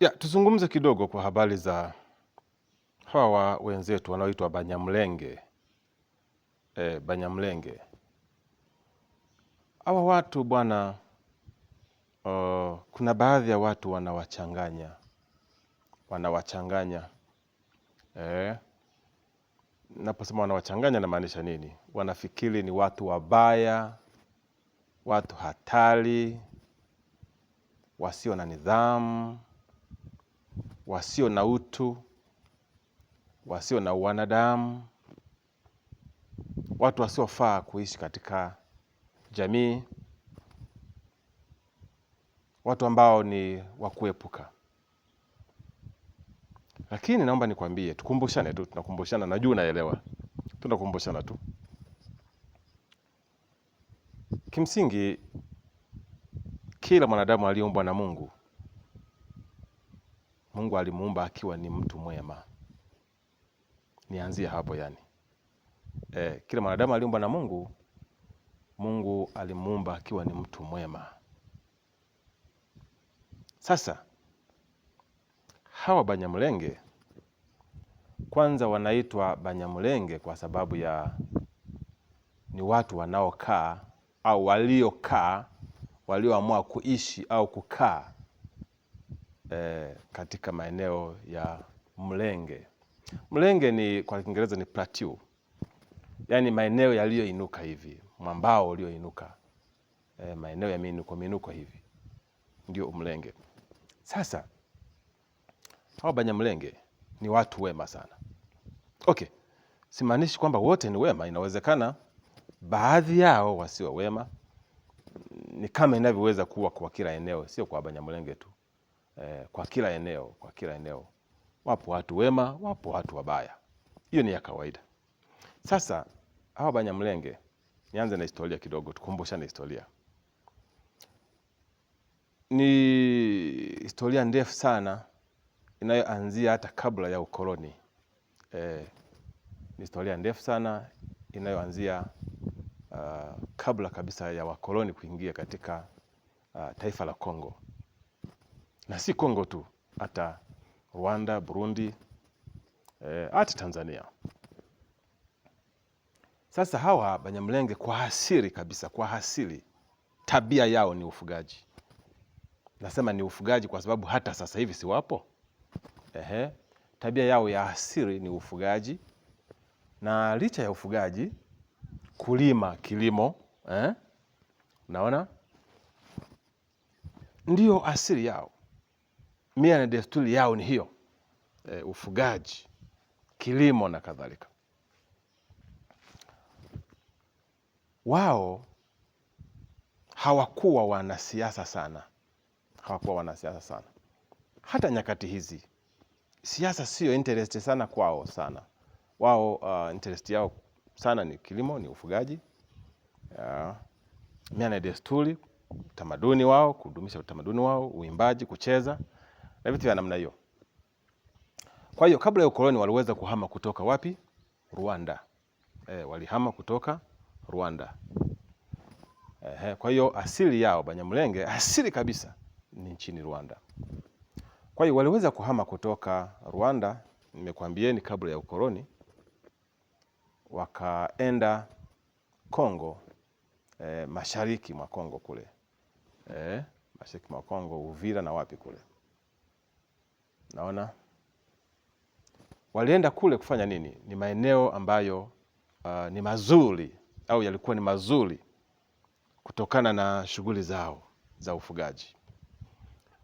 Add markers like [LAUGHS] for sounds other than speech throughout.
Ya, tuzungumze kidogo kwa habari za hawa wenzetu wanaoitwa banyamlenge E, Banyamlenge hawa watu bwana, uh, kuna baadhi ya watu wanawachanganya wanawachanganya e. Naposema wanawachanganya namaanisha nini? Wanafikiri ni watu wabaya, watu hatari, wasio na nidhamu wasio na utu, wasio na wanadamu watu wasiofaa kuishi katika jamii, watu ambao ni wa kuepuka. Lakini naomba nikwambie, tukumbushane tu, tunakumbushana, najua unaelewa, tunakumbushana tu. Kimsingi, kila mwanadamu aliyeumbwa na Mungu Mungu alimuumba akiwa ni mtu mwema. Nianzie hapo yani. E, kila mwanadamu aliumbwa na Mungu. Mungu alimuumba akiwa ni mtu mwema. Sasa hawa Banyamulenge kwanza wanaitwa Banyamulenge kwa sababu ya ni watu wanaokaa au waliokaa walioamua kuishi au kukaa eh, katika maeneo ya mlenge. Mlenge ni kwa Kiingereza ni plateau, yaani maeneo yaliyoinuka hivi, mwambao ulioinuka eh, maeneo ya miinuko miinuko hivi ndio mlenge. Sasa hao Banyamlenge ni watu wema sana. Okay, simaanishi kwamba wote ni wema, inawezekana baadhi yao wasio wema, ni kama inavyoweza kuwa kwa kila eneo, sio kwa Banyamulenge tu eh, kwa kila eneo, kwa kila eneo. Wapo watu wema, wapo watu wabaya, hiyo ni ya kawaida. Sasa hawa Banyamulenge, nianze na historia kidogo, tukumbushane historia. Ni historia ndefu sana inayoanzia hata kabla ya ukoloni eh, ni historia ndefu sana inayoanzia uh, kabla kabisa ya wakoloni kuingia katika uh, taifa la Kongo na si Kongo tu, hata Rwanda, Burundi, eh, hata e, Tanzania. Sasa hawa banyamlenge kwa asili kabisa, kwa asili tabia yao ni ufugaji. Nasema ni ufugaji kwa sababu hata sasa hivi si wapo. Ehe, tabia yao ya asili ni ufugaji, na licha ya ufugaji, kulima, kilimo eh? Naona ndio asili yao mila na desturi yao ni hiyo e, ufugaji, kilimo na kadhalika. Wao hawakuwa wanasiasa sana, hawakuwa wanasiasa sana. Hata nyakati hizi siasa sio interest sana kwao sana wao. Uh, interest yao sana ni kilimo, ni ufugaji, uh, mila na desturi, utamaduni wao, kudumisha utamaduni wao, uimbaji, kucheza na vitu vya namna hiyo. Kwa hiyo kabla ya ukoloni waliweza kuhama kutoka wapi? Rwanda. E, walihama kutoka Rwanda. Ehe, kwa hiyo asili yao Banyamulenge asili kabisa ni nchini Rwanda. Kwa hiyo waliweza kuhama kutoka Rwanda, nimekwambieni kabla ya ukoloni, wakaenda Kongo e, mashariki mwa Kongo kule e, mashariki mwa Kongo Uvira na wapi kule Naona walienda kule kufanya nini? Ni maeneo ambayo uh, ni mazuri au yalikuwa ni mazuri kutokana na shughuli zao za ufugaji.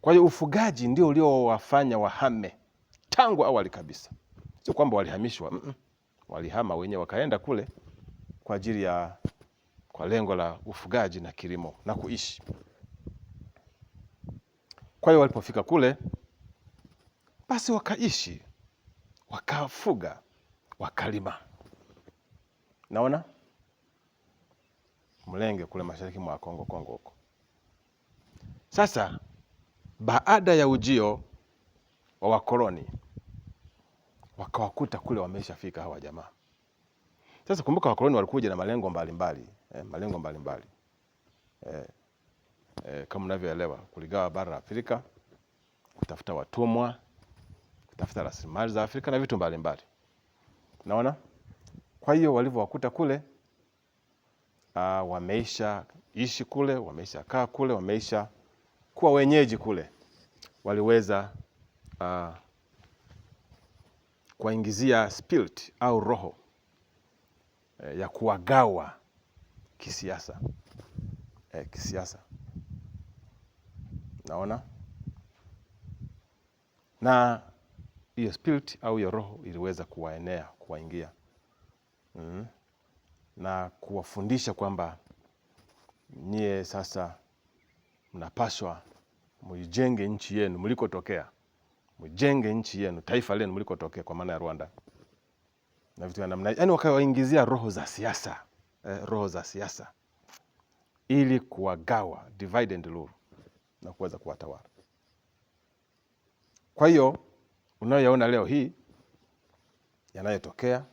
Kwa hiyo ufugaji ndio uliowafanya wahame tangu awali kabisa, sio kwamba walihamishwa mm -mm. Walihama wenyewe wakaenda kule kwa ajili ya kwa lengo la ufugaji na kilimo na kuishi. Kwa hiyo walipofika kule basi wakaishi wakafuga wakalima. Naona mlenge kule mashariki mwa Kongo Kongo huko. Sasa baada ya ujio wa wakoloni wakawakuta kule wameshafika hawa jamaa. Sasa kumbuka, wakoloni walikuja na malengo mbalimbali mbali. Eh, malengo mbalimbali mbali. Eh, eh, kama unavyoelewa kuligawa bara la Afrika, kutafuta watumwa kutafuta rasilimali za Afrika na vitu mbalimbali mbali. Naona kwa hiyo walivyowakuta kule uh, wameisha ishi kule, wameisha kaa kule, wameisha kuwa wenyeji kule, waliweza uh, kuwaingizia spirit au roho eh, ya kuwagawa kisiasa eh, kisiasa naona na hiyo spirit au hiyo roho iliweza kuwaenea kuwaingia, mm, na kuwafundisha kwamba nyie sasa mnapaswa muijenge nchi yenu mlikotokea, mjenge nchi yenu, taifa lenu mlikotokea, kwa maana ya Rwanda na vitu vya namna yani wakawaingizia roho za siasa eh, roho za siasa ili kuwagawa, divide and rule, na kuweza kuwatawala. Kwa hiyo unayoyaona leo hii yanayotokea.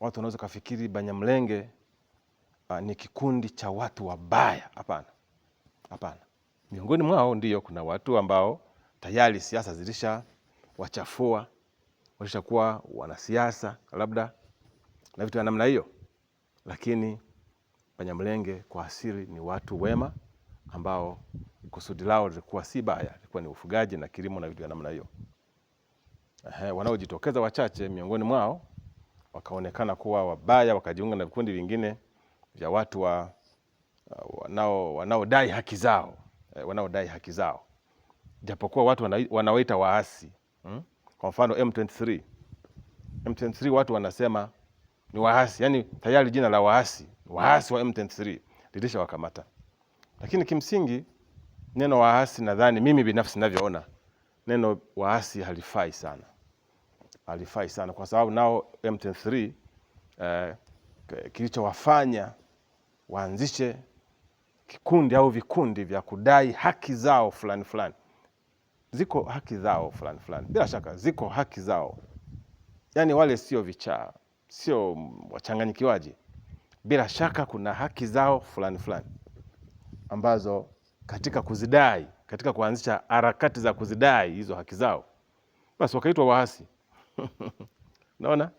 Watu wanaweza kafikiri Banyamlenge uh, ni kikundi cha watu wabaya. Hapana, hapana. Miongoni mwao ndio kuna watu ambao tayari siasa zilisha walisha kuwa wanasiasa labda na vitu vya namna hiyo, lakini banyamlenge kwa asili ni watu wema ambao kusudi lao lilikuwa si baya, ilikuwa ni ufugaji na kilimo na vitu vya namna hiyo. Ehe, wanaojitokeza wachache miongoni mwao wakaonekana kuwa wabaya, wakajiunga na vikundi vingine vya watu wa, wanao wanaodai haki zao wanaodai haki zao, japokuwa watu wanawaita waasi hmm? Kwa mfano M23, M23 watu wanasema ni waasi, yani tayari jina la waasi waasi wa M23 lilisha wakamata lakini kimsingi neno waasi, nadhani mimi binafsi ninavyoona, neno waasi halifai sana, halifai sana kwa sababu nao M23 eh, kilichowafanya waanzishe kikundi au vikundi vya kudai haki zao fulani fulani, ziko haki zao fulani fulani, bila shaka ziko haki zao, yaani wale sio vichaa, sio wachanganyikiwaji, bila shaka kuna haki zao fulani fulani ambazo katika kuzidai, katika kuanzisha harakati za kuzidai hizo haki zao, basi wakaitwa wahasi [LAUGHS] naona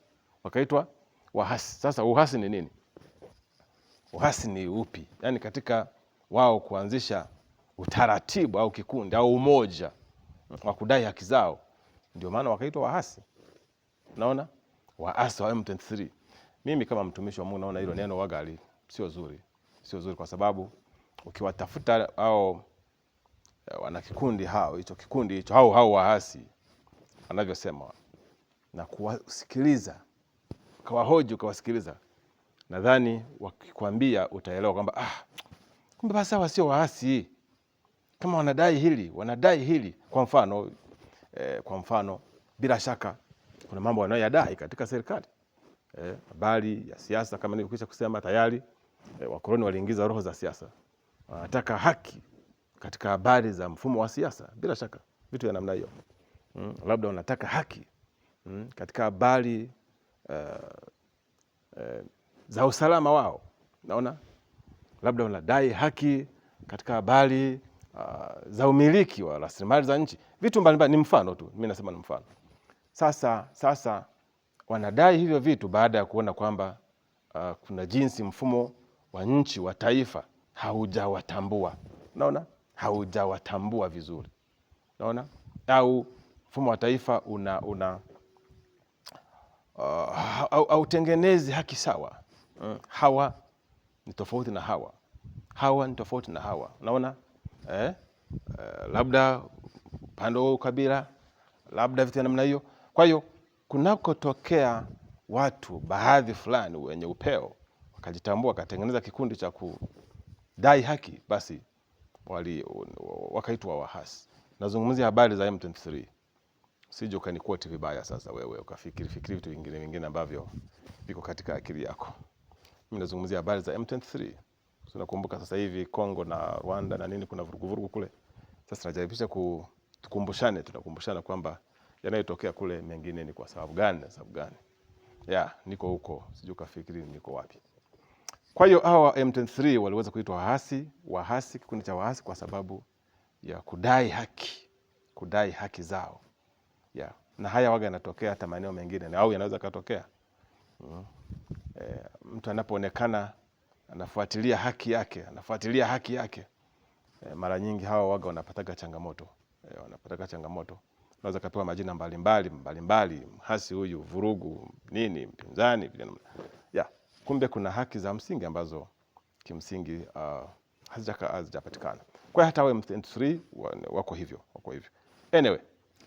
wakaitwa wahasi. Sasa uhasi ni nini? Uhasi ni upi? Yaani katika wao kuanzisha utaratibu au kikundi au umoja wa kudai haki zao, ndio maana wakaitwa wahasi. Naona waasi wa M23. Mimi kama mtumishi wa Mungu naona hilo neno wagali sio zuri, sio zuri kwa sababu ukiwatafuta au eh, kikundi hao hicho kikundi hicho hao hao waasi wanavyosema na kuwasikiliza, ukawahoji, ukawasikiliza, nadhani wakikwambia utaelewa kwamba ah, kumbe basi hawa sio waasi, kama wanadai hili wanadai hili. Kwa mfano eh, kwa mfano bila shaka kuna mambo wanayoyadai katika serikali eh, habari eh, ya siasa kama nilikwisha kusema tayari eh, wakoloni waliingiza roho za siasa wanataka haki katika habari za mfumo wa siasa, bila shaka vitu vya namna hiyo mm. Labda wanataka haki mm, katika habari uh, uh, za usalama wao, naona labda wanadai haki katika habari uh, za umiliki wa rasilimali za nchi, vitu mbalimbali. Ni mfano tu, mimi nasema ni mfano. Sasa sasa wanadai hivyo vitu baada ya kuona kwamba uh, kuna jinsi mfumo wa nchi wa taifa haujawatambua. Naona haujawatambua vizuri, naona au mfumo wa taifa una, una uh, hautengenezi haki sawa. Mm. Hawa ni tofauti na hawa, hawa ni tofauti na hawa, naona eh? Uh, labda upande wa ukabila, labda vitu vya namna hiyo. Kwa hiyo kunakotokea watu baadhi fulani wenye upeo wakajitambua, wakatengeneza kikundi cha dai haki, basi wakaitwa wahasi. Nazungumzia habari za M23, sije ukanikuoti vibaya sasa wewe ukafikiri fikiri vitu vingine vingine ambavyo viko katika akili yako. Mimi nazungumzia habari za M23. Tunakumbuka sasa hivi Kongo na Rwanda na nini, kuna vurugu kule. Sasa najaribisha kukumbushane, tunakumbushana kwamba yanayotokea kule mengine ni kwa sababu gani na sababu gani. Ya, niko huko, sije ukafikiri niko wapi. Kwa hiyo hawa M23 waliweza kuitwa waasi, waasi, kikundi cha waasi kwa sababu ya kudai haki, kudai haki zao yeah. Na haya waga yanatokea hata maeneo mengine au yanaweza katokea mm. E, mtu anapoonekana anafuatilia haki yake anafuatilia haki yake e, mara nyingi hawa waga wanapataga changamoto e, wanapataga changamoto, naweza kapewa majina mbalimbali mbalimbali, hasi huyu, vurugu nini, mpinzani kumbe kuna haki za msingi ambazo kimsingi uh, hazijapatikana. Kwa hiyo hata we M23 wako hivyo, wako hivyo. Anyway,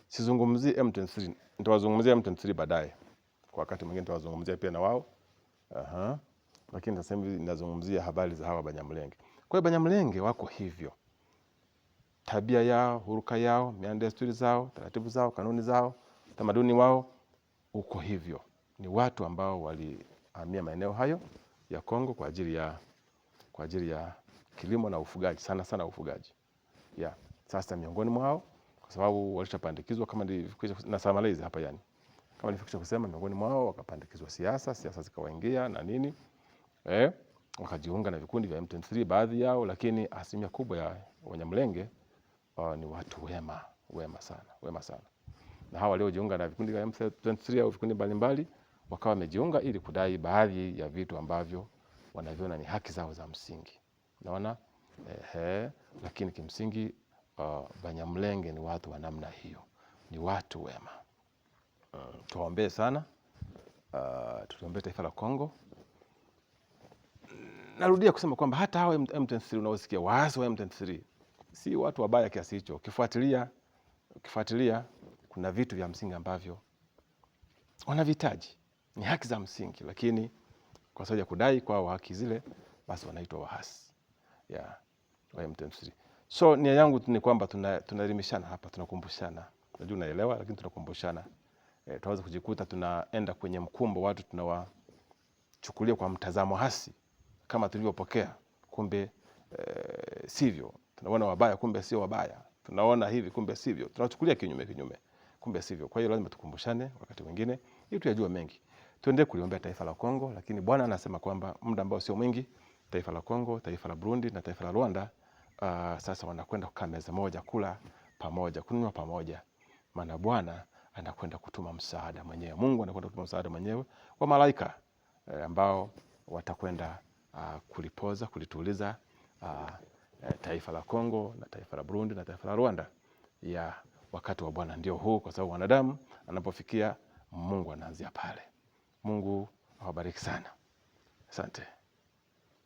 sizungumzie M23, nitawazungumzia M23 baadaye, kwa wakati mwingine nitawazungumzia pia na wao uh -huh. Lakini sasa hivi ninazungumzia habari za hawa Banyamulenge. Kwa hiyo Banyamulenge wako hivyo, tabia yao, huruka yao, mianda desturi zao, taratibu zao, kanuni zao, tamaduni wao uko hivyo. Ni watu ambao wali ahamia maeneo hayo ya Kongo kwa ajili ya, kwa ajili ya kilimo na ufugaji sana sana ufugaji ya yeah. Sasa miongoni mwao kwa sababu walishapandikizwa kama na samalizi hapa yani, kama nilifikisha kusema miongoni mwao wakapandikizwa siasa, siasa zikawaingia na nini eh, wakajiunga na vikundi vya M23 baadhi yao, lakini asilimia kubwa ya Wanyamlenge uh, ni watu wema wema sana wema sana, na hawa waliojiunga na vikundi vya M23 au vikundi mbalimbali mbali, wakawa wamejiunga ili kudai baadhi ya vitu ambavyo wanaviona ni haki zao za msingi. Naona ehe, lakini kimsingi uh, ni watu wa namna hiyo, ni watu wema. Mm, tuwaombee sana uh, tuliombee taifa la Kongo. Narudia kusema kwamba hata hao M23 unaosikia waasi wa M23 si watu wabaya kiasi hicho. Ukifuatilia ukifuatilia kuna vitu vya msingi ambavyo wanavihitaji ni haki za msingi, lakini kwa sababu ya kudai kwa haki zile, basi wanaitwa wahasi yeah, So nia yangu ni kwamba tunaelimishana tuna hapa, tunakumbushana, najua unaelewa, lakini tunakumbushana e, eh, tunaweza kujikuta tunaenda kwenye mkumbo, watu tunawachukulia kwa mtazamo hasi kama tulivyopokea, kumbe e, sivyo. Tunaona wabaya, kumbe sio wabaya. Tunaona hivi, kumbe sivyo. Tunachukulia kinyume kinyume, kumbe sivyo. Kwa hiyo lazima tukumbushane wakati mwingine, ili tuyajua mengi tuende kuliombea taifa la Kongo, lakini Bwana anasema kwamba muda ambao sio mwingi taifa la Kongo, taifa la Burundi na taifa la Rwanda uh, sasa wanakwenda kukaa meza moja, kula pamoja, kunywa pamoja, maana Bwana anakwenda kutuma msaada mwenyewe. Mungu anakwenda kutuma msaada mwenyewe wa malaika eh, ambao watakwenda uh, kulipoza kulituliza uh, taifa la Kongo na taifa la Burundi na taifa la Rwanda. Ya wakati wa Bwana ndio huu, kwa sababu wanadamu anapofikia Mungu anaanzia pale. Mungu awabariki sana, asante.